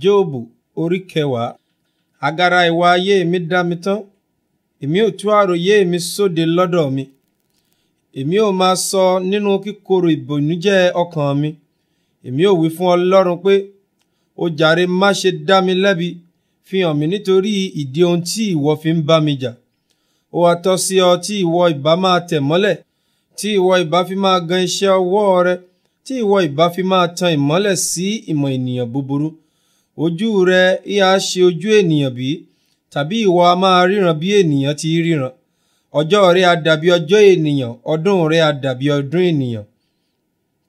jobu orí kẹwàá agara ìwà ayé mi dá mi tán èmi ò tú àròyé mi sóde lọ́dọ̀ mi èmi ò máa sọ nínú kíkorò ìbònújẹ́ ọkàn mi èmi ò wí fún Ọlọ́run pé ó jàre má ṣe dá mi lẹ́bi fi hàn mí nítorí ìdí ohun tí ìwọ fi ń bá mi jà ó wá tọ́ sí ọ tí ìwọ ìbá máa tẹ̀ mọ́lẹ̀ tí ìwọ ìbá fi máa gan iṣẹ́ ọwọ́ rẹ tí ìwọ ìbá fi máa tan ìmọ́lẹ̀ sí ìmọ̀ ènìyàn búburú ojú rẹ ìhà ṣe ojú ènìyàn bí tàbí ìwọ a máa ríran bí ènìyàn ti ríran ọjọ́ rẹ a dàbí ọjọ́ ènìyàn ọdún rẹ a dàbí ọdún ènìyàn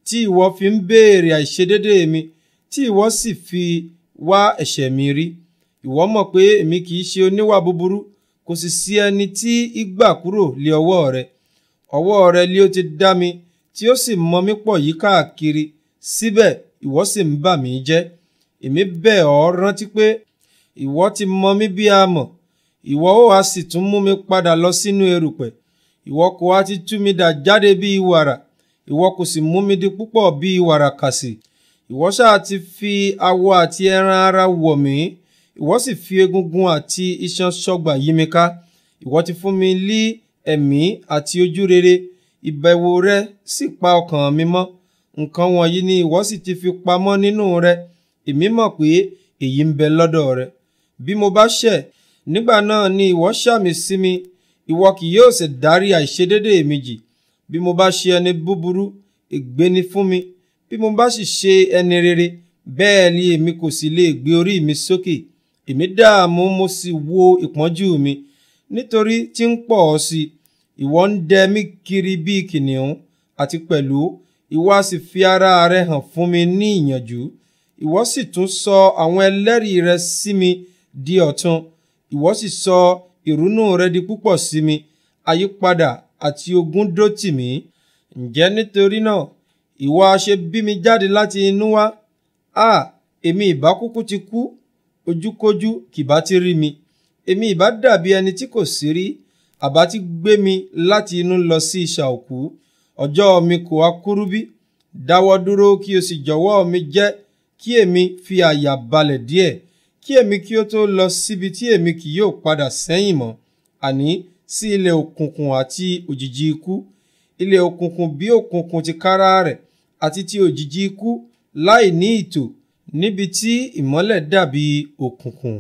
tí ìwọ fi ń béèrè àìṣedédé mi tí ìwọ sì fi wá ẹ̀ṣẹ̀ mi rí ìwọ mọ̀ pé èmi kì í ṣe oníwà búburú kò sì sí ẹni tí ìgbà kúrò lé ọwọ́ rẹ ọwọ́ rẹ lé ó ti dá mi tí ó sì mọ mí pọ̀ yí káàkiri síbẹ̀ ìwọ sì ń bà mí jẹ́ èmi bẹ̀ ọ́ rántí pé ìwọ ti mọ mí bí a mọ̀ ìwọ ó wá sì tún mú mi padà lọ sínú erùpẹ̀ ìwọ kò wá ti tú mi dà jáde bí wàrà ìwọ kò sì mú mi di púpọ̀ bí wàràkàsì ìwọ ṣáà ti fi awọ àti ẹran ara wọ̀ mí ìwọ sì fi egungun àti iṣan ṣọgbà yí mi ká ìwọ ti fún mi lí ẹ̀mí àti ojú rere ìbẹ̀wò rẹ sì pa ọkàn mi mọ́ nǹkan wọ̀nyí ni ìwọ sì ti fi pamọ́ nínú rẹ èmi mọ̀ pé èyí ń bẹ lọ́dọ̀ rẹ bí mo bá ṣẹ̀ nígbà náà ni ìwọ ṣàmì sí mi ìwọ kì yóò sì dárí àìṣedédé mi jì bí mo bá ṣe ẹni búburú ègbé ni fún mi bí mo bá sì ṣe ẹni rere bẹ́ẹ̀ ni èmi kò sì lè gbé orí mi sókè èmi dààmú mo sì wo ìpọ́njú mi nítorí tí ń pọ̀ ọ́ sí ìwọ ń dẹ mí kiri bíi kìnìún àti pẹ̀lú ìwọ a sì fi ara rẹ hàn fún mi ní ìyànjú ìwọ sì tún sọ àwọn ẹlẹ́rìí rẹ sí mi di ọ̀tun ìwọ sì sọ ìrunú rẹ di púpọ̀ sí mi àyípadà àti ogun dó tì mí ǹjẹ́ nítorí náà ìwọ ṣe bí mi jáde láti inú wá a èmi ìbá kúkú ti kú ojúkójú kìbá ti rí mi èmi ìbá dàbí ẹni tí kò sí rí àbá ti gbé mi láti inú lọ sí ìsà òkú ọjọ́ mi kò wá bí dáwọ́ dúró kí o sì jọ̀wọ́ mi jẹ́ kí èmi fi àyà balẹ̀ díẹ̀ kí èmi kí ó tó lọ síbi tí èmi kì yóò padà sẹ́yìn mọ́ àní sí ilẹ̀ òkùnkùn àti òjìji ikú ilẹ̀ òkùnkùn bí òkùnkùn ti kára rẹ̀ àti ti òjìji ikú láì ní ìtò níbi tí ìmọ́lẹ̀ dàbí òkùnkùn.